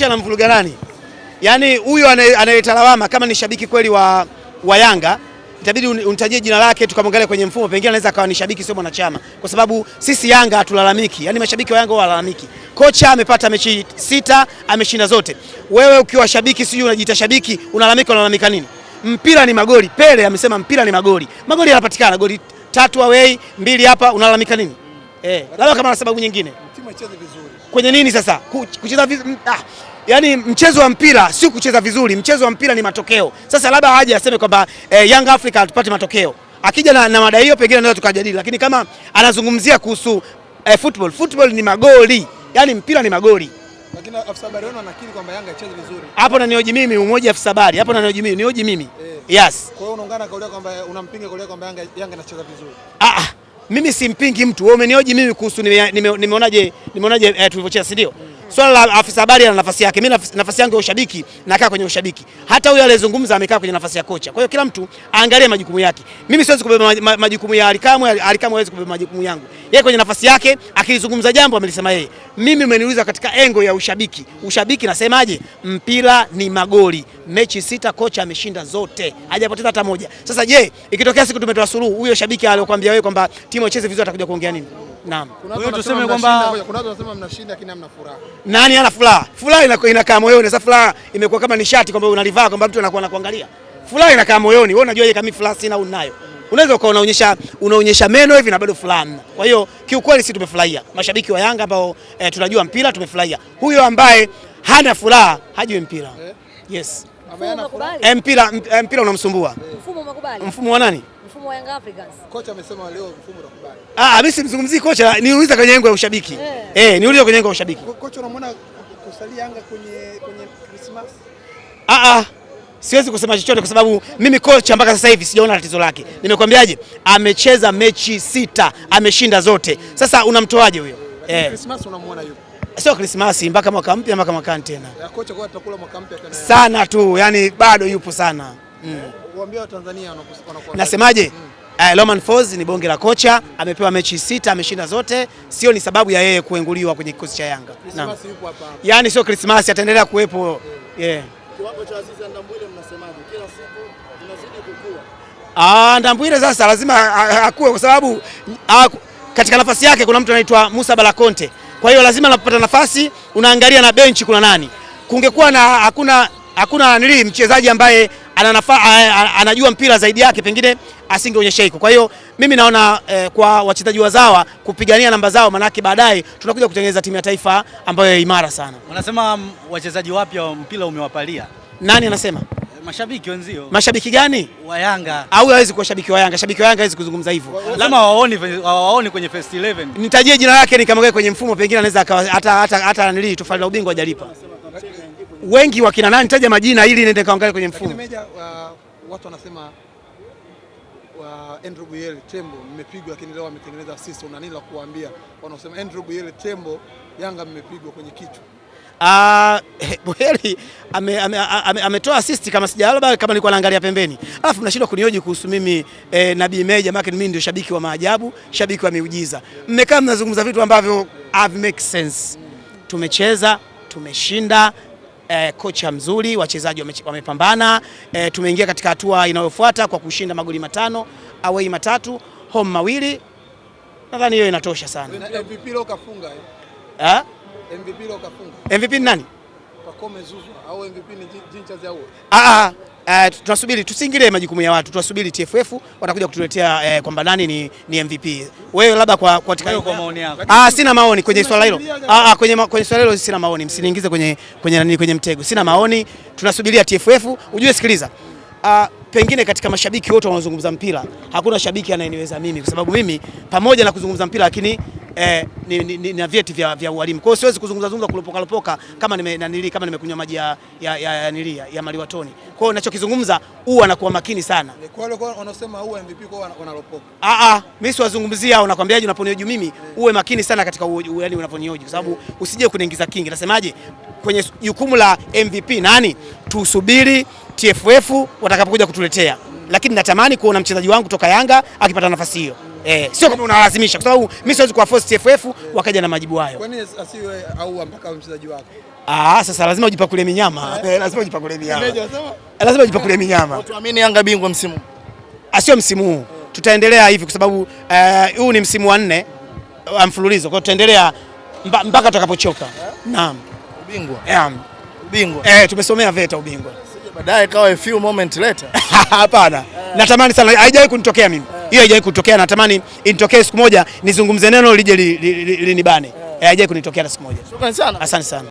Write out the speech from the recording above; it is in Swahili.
kocha anamvuruga nani? Yaani huyo anayeleta lawama kama ni shabiki kweli wa, wa Yanga itabidi unitajie jina lake tukamwangalia kwenye mfumo, pengine anaweza akawa ni shabiki, sio mwanachama, kwa sababu sisi Yanga hatulalamiki, yaani mashabiki wa Yanga walalamiki. Kocha amepata mechi sita, ameshinda zote. Wewe ukiwa shabiki sijui unajiita shabiki, unalalamika, unalalamika nini? Mpira ni magoli. Pele amesema mpira ni magoli, magoli yanapatikana, goli tatu away, mbili hapa, unalalamika nini? Eh, labda kama na sababu nyingine, timu icheze vizuri kwenye nini sasa kucheza vizuri ah yani mchezo wa mpira si kucheza vizuri, mchezo wa mpira ni matokeo. Sasa labda haja aseme kwamba eh, Young Africa atupate matokeo, akija na, na mada hiyo pengine naweza tukajadili, lakini kama anazungumzia kuhusu eh, football, football ni magoli, yani mpira ni magoli lakini afisa habari wenu anakiri kwamba Yanga icheze vizuri. Hapo na nioji mimi umoja afisa habari. Hapo na nioji mimi, nioji mimi. E. Yes. Kwa hiyo unaungana kauli kwamba unampinga kauli kwamba Yanga Yanga inacheza vizuri. Ah ah. Mimi simpingi mtu. Wewe umenioji mimi kuhusu nimeonaje nime, nimeonaje eh, tulivyocheza si ndio? Mm. Swala la afisa habari ana nafasi yake. Mimi nafasi yangu ya ushabiki nakaa kwenye ushabiki. Hata huyo aliyezungumza amekaa kwenye nafasi ya kocha. Kwa hiyo kila mtu aangalie majukumu yake. Mimi siwezi kubeba majukumu ya Alikamwe, Alikamwe hawezi kubeba majukumu yangu. Yeye kwenye nafasi yake akizungumza jambo amelisema yeye. Mimi umeniuliza katika engo ya ushabiki. Ushabiki nasemaje? Mpira ni magoli. Mechi sita kocha ameshinda zote. Hajapoteza hata moja. Sasa je, ikitokea siku tumetoa suluhu, huyo shabiki aliyokuambia wewe kwamba timu icheze vizuri atakuja kuongea nini? Naam. Wewe tuseme kwamba watu wanasema mnashinda lakini hamna furaha. Nani ana furaha? Furaha inakaa ina moyoni. Sasa furaha imekuwa kama nishati kwamba unalivaa kwamba mtu anakuwa anakuangalia. Furaha inakaa moyoni. Wewe unajua je kama furaha sina au ninayo? Unaweza ukawa unaonyesha unaonyesha meno hivi na bado furaha. Kwa hiyo kiukweli sisi tumefurahia. Mashabiki wa Yanga ambao eh, tunajua mpira tumefurahia. Huyo ambaye hana furaha hajui mpira. Eh? Yes. Eh, mpira eh, mpira unamsumbua mfumo Mfumo wa nani? Mfumo wa Young Africans. Kocha amesema leo mfumo unakubali. Ah, mimi simzungumzii kocha, niuliza kwenye engo ya ushabiki. Eh, eh niuliza kwenye engo ya ushabiki. Kocha unamwona kusalia Yanga kwenye kwenye Christmas? Ah ah. Siwezi kusema chochote kwa sababu mimi kocha mpaka sasa hivi sijaona tatizo lake. Nimekwambiaje? Amecheza mechi sita, ameshinda zote. Sasa unamtoaje huyo? Eh. Christmas unamwona yupo sio Krismasi mpaka mwaka mpya mpaka mwakani tena. Kocha kwa atakula mwaka mpya tena. Sana tu, yani bado yupo sana. Mm. Waambie Watanzania wanakuwa. Nasemaje? Mm. Uh, eh, Roman Folz ni bonge la kocha, amepewa mechi sita, ameshinda zote, sio ni sababu ya yeye kuenguliwa kwenye kikosi cha Yanga. Naam. Yaani sio Krismasi ataendelea kuwepo. Yeah. Yeah. Kiwango cha Aziz Ndambwile mnasemaje? Kila siku inazidi kukua. Ah, Ndambwile sasa lazima akue kwa sababu katika nafasi yake kuna mtu anaitwa Musa Balakonte kwa hiyo lazima anapata nafasi unaangalia na benchi kuna nani. Kungekuwa na hakuna hakuna nili mchezaji ambaye ananafa, anajua mpira zaidi yake pengine asingeonyesha hiko. Kwa hiyo mimi naona eh, kwa wachezaji wazawa kupigania namba zao, manake baadaye tunakuja kutengeneza timu ya taifa ambayo imara sana. Wanasema mm, wachezaji wapya mpira umewapalia. Nani anasema? Mashabiki wenzio. Mashabiki gani? Wa Yanga. Au hawezi kuwa shabiki wa Yanga. Shabiki wa Yanga hawezi kuzungumza hivyo. Lama waoni waoni kwenye first 11. Nitajie jina lake nikamwekea kwenye mfumo pengine anaweza akawa hata hata hata nili tofali la ubingwa hajalipa. Wengi wakina nani nitaja majina ili niende kaangalie kwenye mfumo. Meja, uh, watu wanasema uh, Andrew Buyele Tembo mmepigwa, lakini leo ametengeneza assist. Una nini la kuambia wanaosema Andrew Buyele Tembo Yanga mmepigwa kwenye kichwa? Boheri ah, ametoa assist kama sija kama nilikuwa naangalia pembeni, alafu mnashindwa kunioji kuhusu mimi eh, Nabii Meja, maana mimi ndio shabiki wa maajabu, shabiki wa miujiza. Mmekaa mnazungumza vitu ambavyo have make sense. Tumecheza, tumeshinda eh, kocha mzuri, wachezaji wamepambana, eh, tumeingia katika hatua inayofuata kwa kushinda magoli matano, away matatu, home mawili. Nadhani hiyo inatosha sana. MVP leo kafunga eh? MVP leo kafunga. MVP ni nani? Pacome Zouzoua au MVP ni Jinchazi au? Ah ah, ah. Eh, tunasubiri tusiingilie majukumu ya watu, tunasubiri TFF watakuja kutuletea eh, kwamba nani ni, ni MVP. Wewe labda kwa kwa tika... kwa maoni yako. Ah, sina maoni kwenye swala hilo. Ah ah, kwenye kwenye swala hilo sina maoni. Msiniingize kwenye kwenye nani kwenye mtego. Sina maoni. Tunasubiria TFF. Ujue, sikiliza. Ah, pengine katika mashabiki wote wanaozungumza mpira hakuna shabiki anayeniweza mimi, kwa sababu mimi pamoja na kuzungumza mpira lakini eh, ni, ni, ni, na vyeti vya, vya ualimu. Kwa hiyo siwezi kuzungumza zungumza kulopoka lopoka kama nime na nili kama nimekunywa maji ya ya, ya, ya, nili, ya, ya maliwatoni. Kwa hiyo ninachokizungumza huwa anakuwa makini sana. Kwa hiyo wanasema huwa MVP kwa wanalopoka. Ah ah, mimi siwazungumzia au nakwambiaje unaponioju mimi uwe makini sana katika yaani unaponioju kwa sababu usije kuniingiza kingi. Nasemaje? Kwenye jukumu la MVP nani? Tusubiri TFF watakapokuja kutuletea. Lakini natamani kuona mchezaji wangu toka Yanga akipata nafasi hiyo. Eh, sio kama unalazimisha kwa sababu mimi siwezi kuwa force TFF wakaja na majibu hayo. Kwa nini asiwe au mpaka mchezaji wako? Ah, sasa lazima ujipakule minyama. Eh, eh lazima ujipakule minyama. Eh, lazima ujipakule minyama. Tuamini Yanga bingwa msimu. Asio ah, msimu huu. Tutaendelea hivi kwa sababu eh, huu uh, ni msimu wa nne wa mfululizo. Kwa hiyo tutaendelea mpaka tutakapochoka. Naam. Ubingwa. Naam. Ubingwa. Eh, tumesomea VETA ubingwa. Sije Baadaye kawa a few moment later. Hapana. Natamani sana haijawahi kunitokea mimi hiyo haijawahi kutokea, natamani initokee siku moja, nizungumze neno lije linibane li, li, li, li, eh. Eh, haijawahi kunitokea na siku moja. Asante sana.